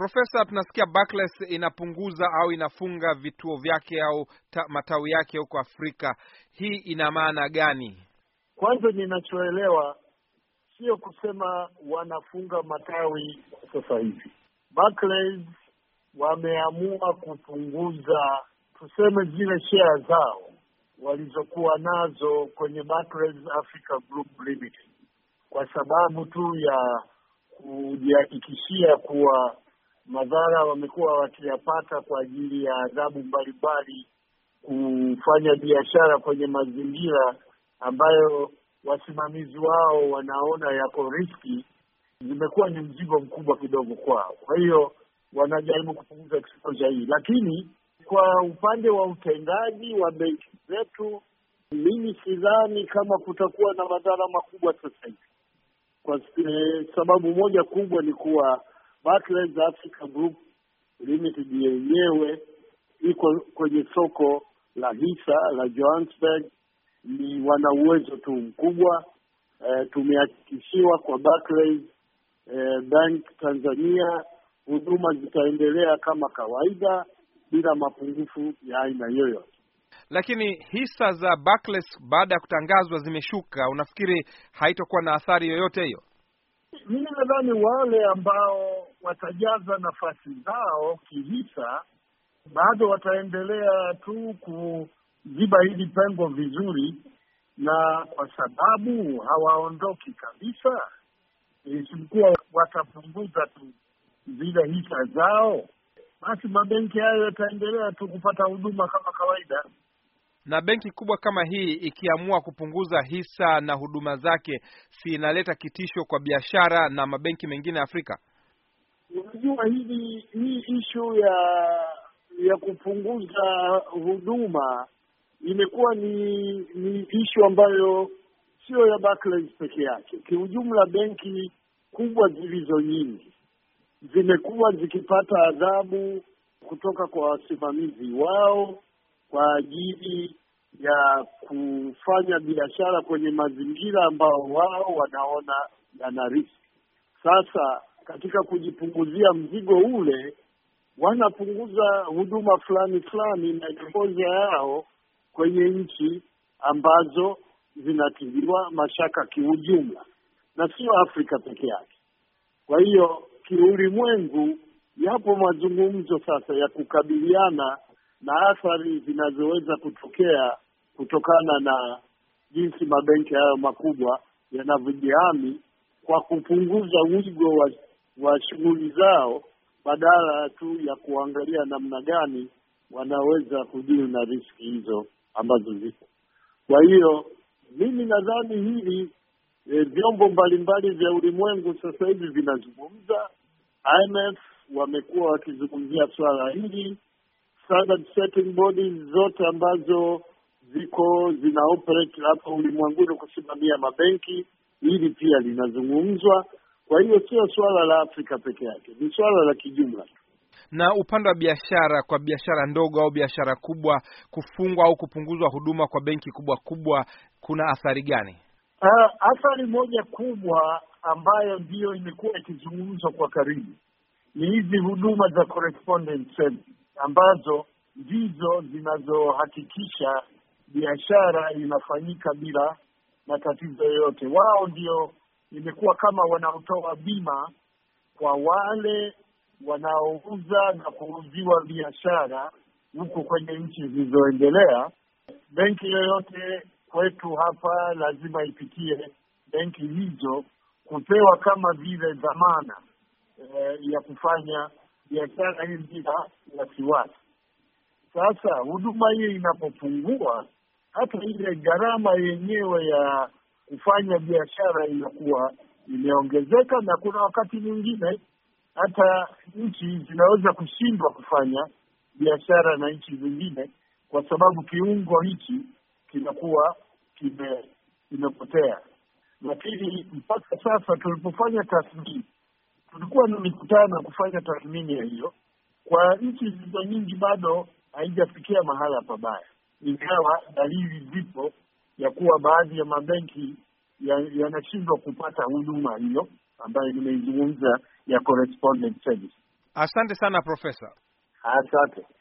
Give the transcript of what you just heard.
Profesa, tunasikia Barclays inapunguza au inafunga vituo vyake au ta, matawi yake huko Afrika. Hii ina maana gani? Kwanza ninachoelewa sio kusema wanafunga matawi sasa hivi. Barclays wameamua kupunguza tuseme zile share zao walizokuwa nazo kwenye Barclays Africa Group Limited kwa sababu tu ya kujihakikishia kuwa madhara wamekuwa wakiyapata kwa ajili ya adhabu mbalimbali, kufanya biashara kwenye mazingira ambayo wasimamizi wao wanaona yako riski, zimekuwa ni mzigo mkubwa kidogo kwao. Kwa hiyo wanajaribu kupunguza exposure hii, lakini kwa upande wa utendaji wa benki zetu, mimi sidhani kama kutakuwa na madhara makubwa sasa hivi, kwa eh, sababu moja kubwa ni kuwa Barclays Africa Group Limited yenyewe iko kwenye soko la hisa la Johannesburg, ni wana uwezo tu mkubwa. E, tumehakikishiwa kwa Barclays e, Bank Tanzania huduma zitaendelea kama kawaida bila mapungufu ya aina yoyote. Lakini hisa za Barclays baada ya kutangazwa zimeshuka, unafikiri haitokuwa na athari yoyote hiyo? Mimi nadhani wale ambao watajaza nafasi zao kihisa, bado wataendelea tu kuziba hili pengo vizuri, na kwa sababu hawaondoki kabisa, isipokuwa watapunguza tu zile hisa zao, basi mabenki hayo yataendelea tu kupata huduma kama kawaida. Na benki kubwa kama hii ikiamua kupunguza hisa na huduma zake, si inaleta kitisho kwa biashara na mabenki mengine ya Afrika? Unajua hili hii ishu ya ya kupunguza huduma imekuwa ni ni ishu ambayo sio ya Barclays peke yake. Kiujumla, benki kubwa zilizo nyingi zimekuwa zikipata adhabu kutoka kwa wasimamizi wao kwa ajili ya kufanya biashara kwenye mazingira ambao wao wanaona yana riski. Sasa katika kujipunguzia mzigo ule, wanapunguza huduma fulani fulani na exposure yao kwenye nchi ambazo zinatiliwa mashaka kiujumla, na sio Afrika peke yake. Kwa hiyo kiulimwengu, yapo mazungumzo sasa ya kukabiliana na athari zinazoweza kutokea kutokana na jinsi mabenki hayo makubwa yanavyojihami kwa kupunguza wigo wa wa shughuli zao badala tu ya kuangalia namna gani wanaweza kudili na riski hizo ambazo zipo. Kwa hiyo mimi nadhani hili e, vyombo mbalimbali vya ulimwengu sasa hivi vinazungumza. IMF wamekuwa wakizungumzia swala hili, standard setting bodies zote ambazo ziko zina operate hapa ulimwenguni kusimamia mabenki, hili pia linazungumzwa kwa hiyo sio suala la Afrika peke yake, ni suala la kijumla na upande wa biashara, kwa biashara ndogo au biashara kubwa, kufungwa au kupunguzwa huduma kwa benki kubwa kubwa, kuna athari gani? Uh, athari moja kubwa ambayo ndiyo imekuwa ikizungumzwa kwa karibu ni hizi huduma za correspondent service ambazo ndizo zinazohakikisha biashara inafanyika bila matatizo yoyote. Wao ndio imekuwa kama wanaotoa bima kwa wale wanaouza na kuuziwa biashara huku kwenye nchi zilizoendelea. Benki yoyote kwetu hapa lazima ipitie benki hizo kupewa kama vile dhamana eh, ya kufanya biashara hii bila wasiwasi. Sasa huduma hii inapopungua, hata ile gharama yenyewe ya kufanya biashara inakuwa imeongezeka, na kuna wakati mwingine hata nchi zinaweza kushindwa kufanya biashara na nchi zingine kwa sababu kiungo hichi kinakuwa kime, kimepotea. Lakini mpaka sasa tulipofanya tathmini, tulikuwa na mikutano kufanya tathmini ya hiyo, kwa nchi zilizo nyingi bado haijafikia mahala pabaya, ingawa dalili zipo ya kuwa baadhi ya mabenki yanashindwa ya kupata huduma hiyo ambayo nimeizungumza ya correspondent service. Asante sana profesa. Asante.